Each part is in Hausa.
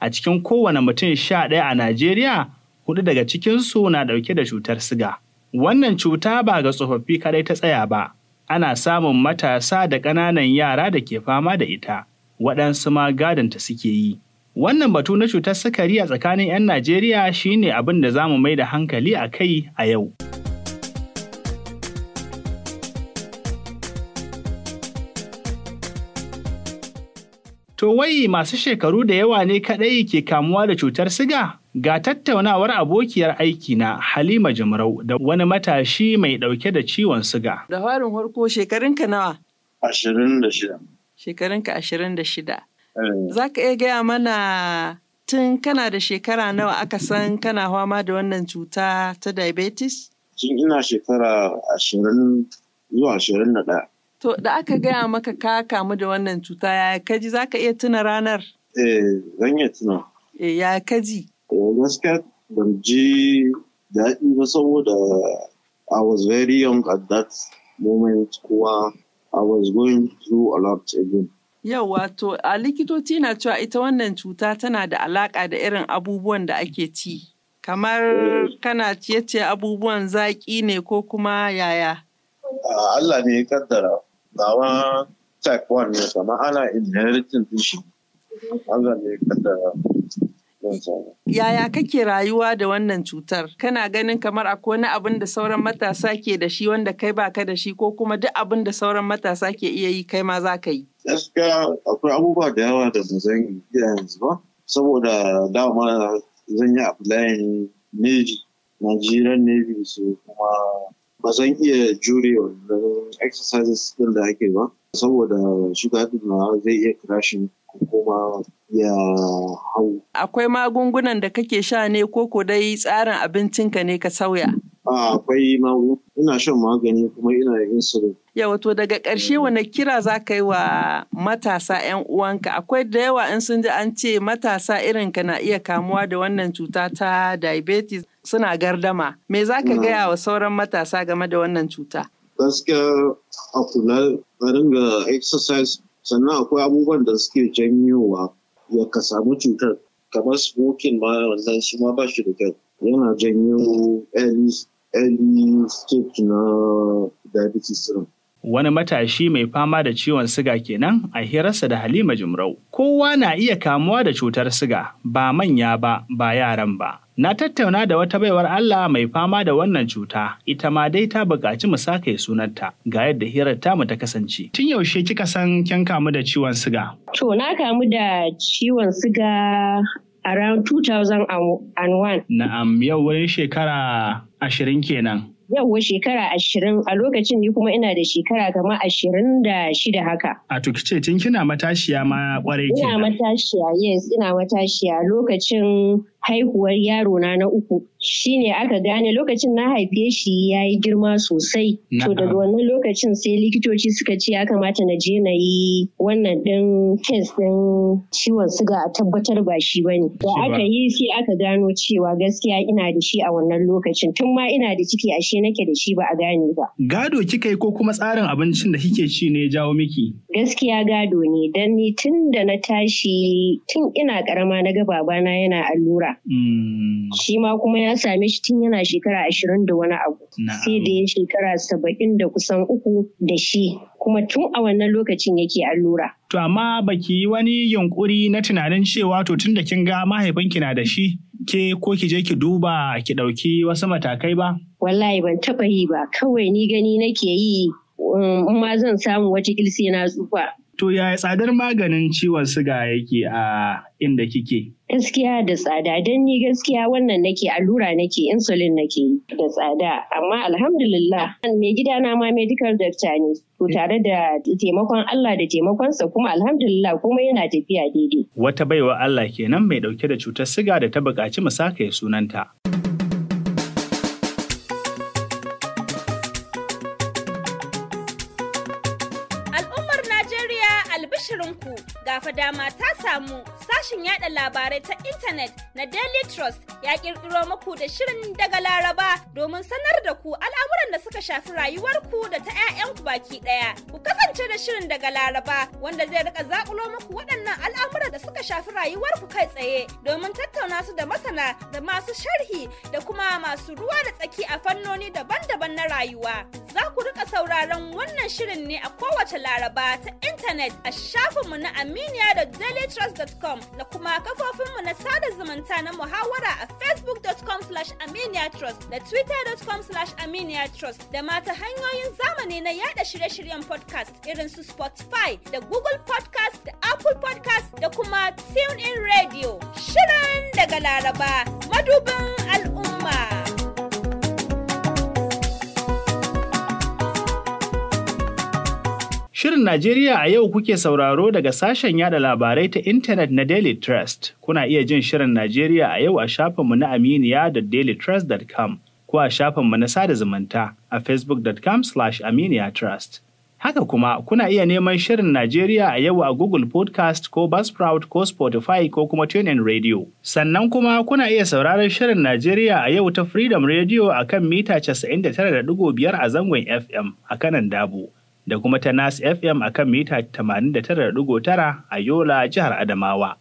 a cikin kowane mutum sha ɗaya a Najeriya, hudu daga cikinsu na ɗauke da cutar siga. Wannan cuta ba ga tsofaffi kadai ta tsaya ba, ana samun matasa da ƙananan yara da ke fama da ita, waɗansu ma gadonta suke yi. Wannan batu na cutar sukari a tsakanin 'yan Najeriya shine abin da za mu mai da hankali a kai a yau. To wai masu shekaru da yawa ne kaɗai ke kamuwa da cutar siga? Ga tattaunawar abokiyar aiki na Halima Jimrau da wani matashi mai ɗauke da ciwon siga. Da farin farko shekarunka nawa? Ashirin da shida. Shekarunka ashirin da shida. Eh. Za ka iya gaya mana tun kana da shekara nawa aka san kana fama da wannan cuta ta diabetes? Tun ina shekara ashirin zuwa ashirin da ɗaya. To da aka gaya maka ka kamu da wannan cuta ya kaji za ka iya tuna ranar? Eh, zan iya tuna. Eh, ya kaji? Eh, gaskiya ban ji daɗi ba saboda I was very young at that moment kuma I was going through a lot again. Yau wato a likitoci na cewa ita wannan cuta tana da alaƙa da irin abubuwan da ake ci. Kamar eh. kana ciye-ciye abubuwan zaƙi ne ko kuma yaya? Ah, Allah ne ya kaddara dawa type 1 ne kama ana inheriting din shi Allah ne kada Yaya kake rayuwa da wannan cutar? Kana ganin kamar akwai wani abin da sauran matasa ke da shi wanda kai baka da shi ko kuma duk abin da sauran matasa ke iya yi kai ma za ka yi? Gaskiya akwai abubuwa da yawa da ba zan iya yanzu ba, saboda dama zan yi applying Navy, Nigerian Navy su kuma ba zan iya jure wannan exercises din da ake ba saboda shiga din na zai iya crashin kuma ya hau. Akwai magungunan da kake sha ne ko ko dai tsarin abincinka ne ka sauya? Ah, akwai magani. ina shan magani kuma ina yin insulin. Yawa to daga ƙarshe wani kira za ka yi wa matasa 'yan uwanka akwai da yawa in sun ji an ce matasa irin ka na iya kamuwa da wannan cuta ta diabetes suna gardama me za ka gaya wa sauran matasa game da wannan cuta? Gaskiya a kula a ringa exercise sannan akwai abubuwan da suke janyowa ya ka samu cutar kamar smoking ma wannan shi ma ba shi da kyau yana janyo early early stage na diabetes din. Wani matashi mai fama da ciwon siga kenan a hirarsa da Halima Jumrau. Kowa na iya kamuwa da cutar siga ba manya ba ba yaran ba. Na tattauna da wata baiwar Allah mai fama da wannan cuta, ita ma dai ta buƙaci mu sake sunanta ga yadda hirar tamu ta kasance. Tun yaushe kika san kin kamu da ciwon siga? To na kamu da ciwon siga around 2001. Na'am, yau wurin shekara ashirin kenan. Yawwa shekara ashirin a lokacin ni kuma ina da shekara kama ashirin da shida haka. A to kice tun kina matashiya ma kwarai kenan. Ina matashiya yes ina matashiya lokacin haihuwar yaro na na uku shine aka gane lokacin na haife shi ya yi girma sosai to daga wannan lokacin sai likitoci suka ce ya kamata na je na yi wannan ɗin test ɗin ciwon suga a tabbatar ba shi bane da aka yi sai aka gano cewa gaskiya ina da shi a wannan lokacin tun ma ina da ciki ashe nake da shi ba a gane ba gado kika yi ko kuma tsarin abincin da kike ci ne ya jawo miki gaskiya gado ne dan ni tun da na tashi tun ina karama na ga babana yana allura Hmm. Shi ma kuma ya same shi tun yana shekara ashirin da wani abu. Sai da ya shekara saba'in da kusan uku da shi. Kuma tun a wannan lokacin yake allura. To amma baki yi wani yunkuri na tunanin cewa to tun da kin ga mahaifinki na da shi ke ko ki je ki duba ki ɗauki wasu matakai ba? Wallahi ban taɓa yi ba kawai ni gani nake yi um, in zan samu wata ilse na tsufa To yaya tsadar maganin ciwon siga yake a inda kike? Gaskiya da tsada don ni gaskiya wannan nake allura nake insulin nake da tsada amma alhamdulillah mai na ma medical doctor ne to tare da taimakon Allah da taimakonsa kuma alhamdulillah kuma yana tafiya daidai. Wata baiwa Allah kenan mai dauke da cutar siga da ta buƙaci mu saka sunanta. sashin yada labarai ta intanet na Daily Trust ya kirkiro muku da shirin daga Laraba domin sanar da ku al'amuran da suka shafi rayuwarku da ta 'ya'yanku baki daya. Ku kasance da shirin daga Laraba wanda zai rika zakulo muku waɗannan al'amuran da suka shafi rayuwarku kai tsaye domin tattauna su da masana da masu sharhi da kuma masu ruwa da tsaki a fannoni daban-daban na rayuwa. Za ku rika sauraron wannan shirin ne a kowace Laraba ta intanet a shafinmu na aminiya da dailytrust.com da kuma kafofinmu na sada zumunta na muhawara a facebook.com aminiatrust da twitter.com aminiatrust da mata hanyoyin zamani na yada shirye-shiryen podcast irin su spotify da google podcast da apple podcast da kuma tune in radio shirin daga laraba madubin al'umma. Shirin Najeriya a yau kuke sauraro daga sashen yada labarai ta intanet na Daily Trust. Kuna iya jin Shirin Najeriya a yau a shafinmu na aminiya da dailytrust.com ko a shafinmu na sada zumunta a facebook.com slash trust Haka kuma kuna iya neman Shirin Najeriya a yau a Google Podcast ko Buzzsprout ko Spotify ko kuma TuneIn Radio. Sannan kuma kuna iya sauraron Shirin Najeriya a yau ta Freedom Radio a kan mita 99.5 a zangon FM a kanan Dabo. da kuma ta Nas FM a kan mita 89.9 a Yola, Jihar Adamawa.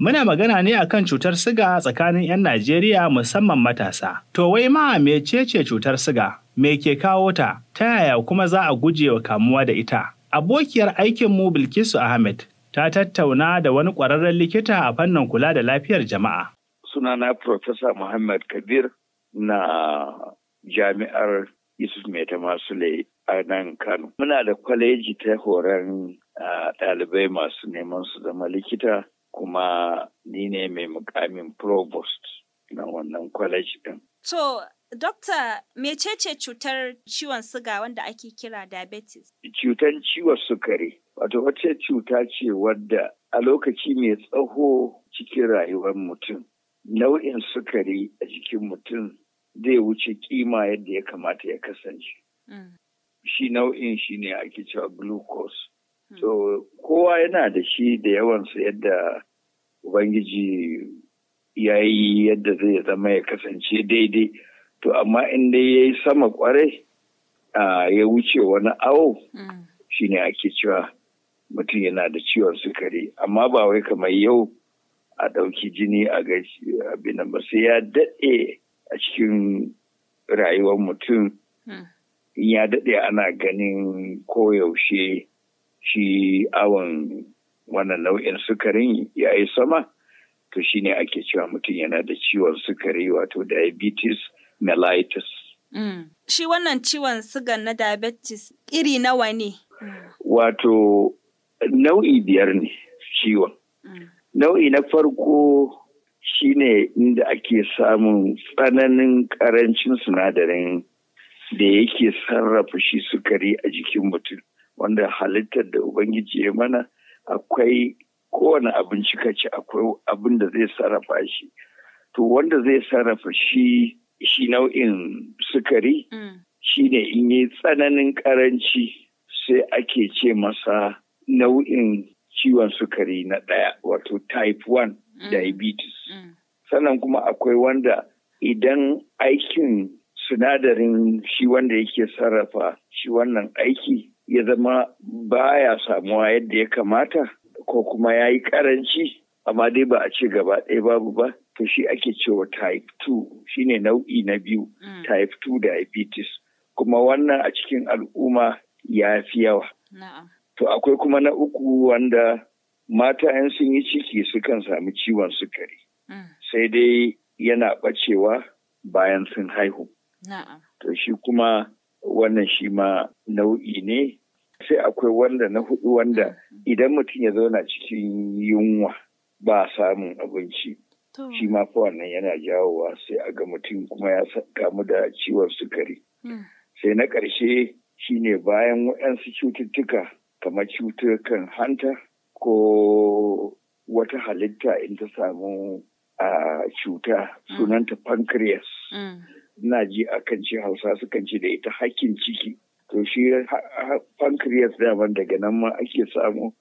Muna magana ne a kan cutar siga tsakanin 'yan Najeriya musamman matasa. To wai ma mecece cutar siga? Me ke kawo ta? Ta yaya kuma za a guje wa kamuwa da ita? Abokiyar aikinmu Bilkisu Ahmed ta tattauna da wani ƙwararren likita a fannin kula da lafiyar jama'a. sunana Profesa Muhammad Kabir na jami'ar Yusuf Maita Masule a nan Kano. Muna da kwaleji ta horon ɗalibai masu neman su zama likita kuma ni ne mai mukamin provost na wannan kwaleji ɗin. To, Dokta, mecece cutar ciwon suga wanda ake kira diabetes? Cutar ciwon sukari, wato wace cuta ce wadda a lokaci mai tsaho cikin rayuwar mutum nau'in sukari a jikin mutum zai wuce kima yadda ya kamata ya kasance. Mm. Shi nau'in shi ne ake cewa glucose. So mm. kowa yana da shi da yawansu yadda Ubangiji ya yi yadda zai zama ya kasance daidai. To amma inda ya yi sama kwarai ya wuce wani awo mm. shi ne ake cewa mutum yana da ciwon sukari. Amma ba wai kamar yau. a ɗauki jini a gaishe abin ba sai ya daɗe a cikin rayuwar mutum hmm. ya daɗe ana ganin koyaushe shi awon wannan nau'in sukarin ya yi sama to shi ne ake cewa mutum yana da ciwon sukari wato diabetes mellitus. Hmm. Shi wannan ciwon sugan na diabetes iri nawa ne? Wato nau'i biyar ne ciwon. Nau'i na farko shine inda ake samun tsananin karancin sinadarin da yake sarrafa shi sukari a jikin mutum wanda halittar da Ubangiji ya mana akwai kowane abinci kaci akwai abin da zai sarrafa shi. To wanda zai sarrafa shi shi nau'in sukari mm. shine in yi tsananin karanci sai ake ce masa nau'in ciwon sukari na ɗaya wato type 1 mm. diabetes. Mm. Sannan kuma akwai wanda idan aikin sinadarin shi wanda yake sarrafa shi wannan aiki ya zama baya samuwa yadda ya kamata ko kuma ya yi karanci amma dai ba a ce gaba ɗaya babu ba to shi ake cewa type 2 shine nau'i na biyu mm. type 2 diabetes kuma wannan a cikin al'umma ya fi yawa. To akwai kuma na uku wanda mata yan sun yi ciki sukan sami ciwon sukari. Mm. Sai dai yana ɓacewa bayan sun haihu. To shi kuma wannan shi ma nau'i ne. Sai akwai wanda na hudu wanda mm. idan mutum ya zauna cikin yunwa ba samun abinci. Shi ma fa wannan yana jawowa sai a ga mutum kuma ya kamu da ciwon sukari. Mm. Sai na ƙarshe shine bayan waɗansu cututtuka kamar cutukan hanta ko wata halitta in ta samu a cuta mm. sunanta pancreas mm. na ji kan ce hausa su kan ce da ita hakin ciki to shi pancreas daban daga nan ma ake samu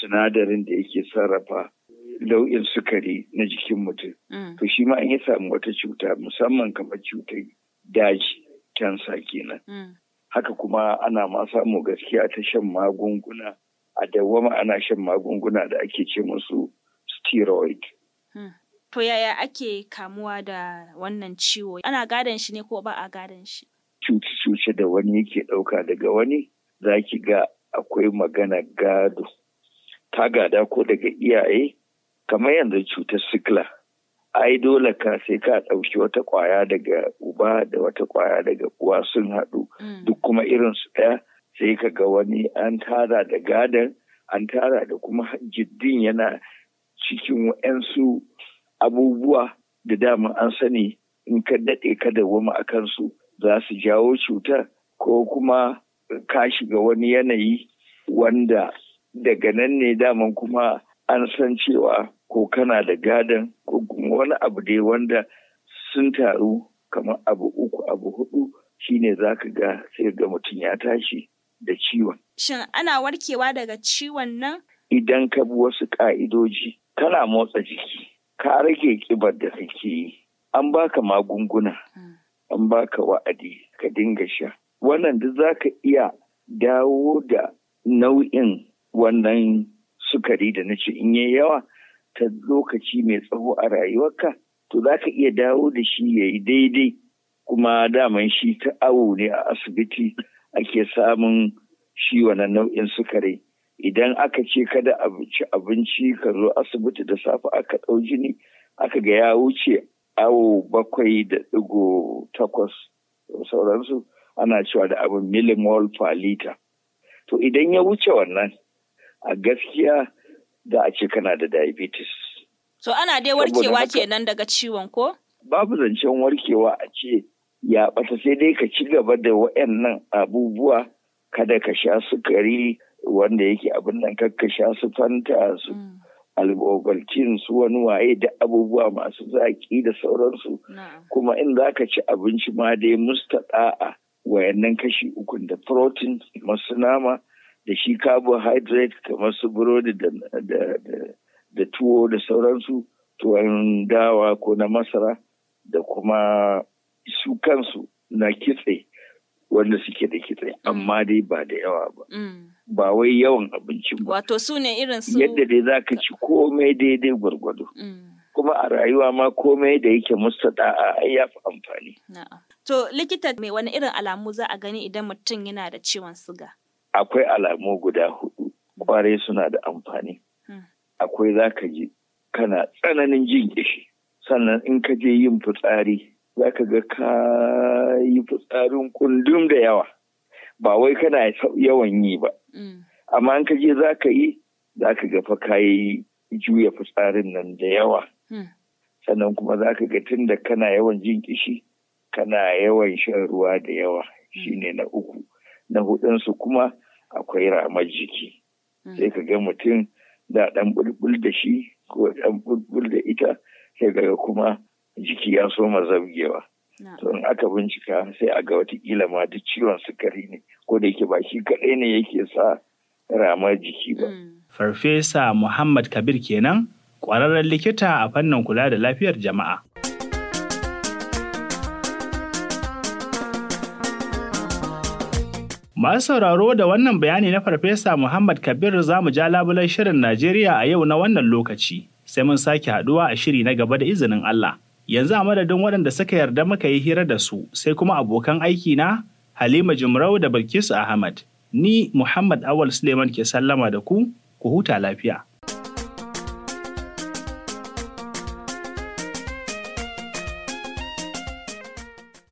sinadarin da yake sarrafa nau'in sukari na jikin mutum mm. to shi ma an ya samu wata cuta musamman kamar cutar daji kansa kenan haka kuma ana ma samu gaskiya ta shan magunguna a dawwama ana shan magunguna da ake ce musu steroid. Hmm. To yaya ake kamuwa da wannan ciwo? Ana gadon shi ne ko ba a gadon shi? Cuce-cuce da wani yake ɗauka daga wani za ki ga akwai magana gado. Ta gada ko daga iyaye kamar yanzu cutar sikla. ai dole ka sai ka ɗauki wata kwaya daga uba da wata ƙwaya daga uwa sun haɗu mm. duk kuma irin su ɗaya sai ka ga wani an tara da gadan an tara da kuma jiddin yana cikin wa'yansu abubuwa da dama an sani in ka daɗe ka wama a kansu za su jawo cutar ko kuma ka shiga wani yanayi wanda daga nan ne daman kuma an san cewa ko kana da gadon ko wani abu dai wanda sun taru kamar abu uku abu hudu shine za ka ga sai ga mutum ya tashi da ciwon. Shin ana warkewa daga ciwon nan? Idan ka bi wasu ƙa'idoji, kana motsa jiki, ka rage ƙibar da kake yi, an baka magunguna, hmm. an baka wa'adi, ka dinga sha. Wannan duk za ka iya dawo da nau'in wannan sukari da na ce in yayi yawa ta lokaci mai tsawo a rayuwarka to za ka iya dawo da shi ya yi daidai kuma daman shi ta awo ne a asibiti ake samun shi wannan nau'in sukari idan aka ce kada abinci abinci ka zo asibiti da safe aka ɗau jini aka ga ya wuce awo bakwai da ɗigo takwas sauransu ana cewa da abin milimol per liter to idan ya wuce wannan a gaskiya da a ce kana da diabetes. So ana dai warkewa ke nan daga ciwon ko? Babu zancen warkewa a ce ya ɓata sai dai ka ci gaba da wa'annan abubuwa kada ka sha sukari wanda yake abin nan ka sha su fanta su mm. albobalcin su wani waye da abubuwa masu zaƙi da sauransu kuma in za ka ci abinci ma dai a wayannan kashi ukun da protein masu nama da shi carbohydrate kamar su burodi da tuwo da sauransu tuwon dawa ko na masara da kuma su kansu na kitse wanda suke da kitse mm. amma dai ba da yawa ba mm. ba wai yawan abinci ba wato su ne irin su yadda dai za ka ci komai daidai gwargwado mm. kuma a rayuwa ma komai da yake mustaɗa a ya fi amfani to likita mai wani irin alamu za a gani idan mutum yana da ciwon suga. akwai alamu guda hudu kwarai suna da amfani hmm. akwai za ka ji kana tsananin jin kishi sannan in ka je yin fitsari za ka ga ka yi fitsarin kundum da yawa ba wai kana yawan yi ba hmm. amma in ka je za ka yi za ka ga fa ka juya fitsarin nan da yawa hmm. sannan kuma za ka ga tun da kana yawan jin kishi kana yawan shan ruwa da yawa shine na uku na hudunsu kuma akwai ramar jiki hmm. sai ka ga mutum da ɗan bulbul da shi ko ɗan bulbul da ita sai ga kuma jiki ya soma zabgewa to aka bincika sai a ga watakila ma duk ciwon sukari ne ko da yake ba shi kaɗai ne yake sa ramar jiki ba. Hmm. Farfesa Muhammad Kabir kenan ƙwararren likita a fannin kula da lafiyar jama'a. Masu sauraro da wannan bayani na Farfesa Muhammad Kabir za mu ja labulan shirin Najeriya a yau na wannan lokaci, sai mun sake haduwa a shiri na gaba da izinin Allah. Yanzu a madadin waɗanda suka yarda muka yi hira da su, sai kuma abokan aiki na Halima Jumrau da Bilkisu Ahmad. Ni Muhammad Awal Suleiman ke sallama da ku, ku huta lafiya.